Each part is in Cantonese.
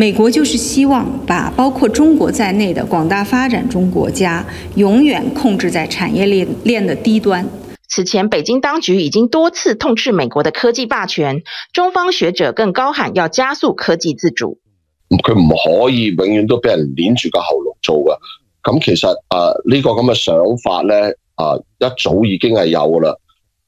美國就是希望把包括中國在內的廣大發展中國家永遠控制在產業鏈鏈的低端。此前，北京當局已經多次痛斥美國的科技霸權，中方學者更高喊要加速科技自主。佢唔可以永遠都俾人捏住個喉嚨做噶。咁其實誒呢、呃這個咁嘅想法咧，啊、呃、一早已經係有噶啦。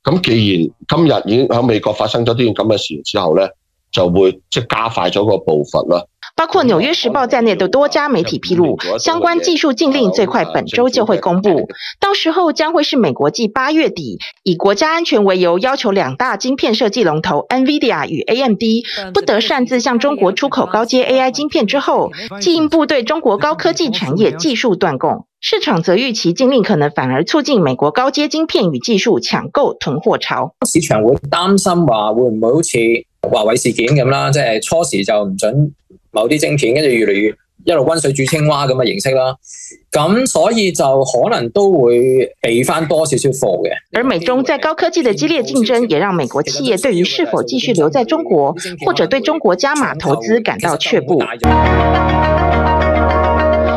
咁既然今日已經喺美國發生咗呢件咁嘅事之後咧，就會即加快咗個步伐啦。包括《紐約時報》在內的多家媒體披露，相關技術禁令最快本周就會公布，到時候將會是美國繼八月底以國家安全為由要求兩大晶片設計龍頭 NVIDIA 與 AMD 不得擅自向中國出口高階 AI 晶片之後，進一步對中國高科技產業技術斷供。市場則預期禁令可能反而促進美國高階晶片與技術搶購囤貨潮。市場會擔心話會唔會好似華為事件咁啦，即係初時就唔准。某啲晶片，跟住越嚟越一路溫水煮青蛙咁嘅形式啦，咁所以就可能都會畀翻多少少貨嘅。而美中在高科技的激烈競爭，也讓美國企業對於是否繼續留在中國，或者對中國加碼投資感到卻步。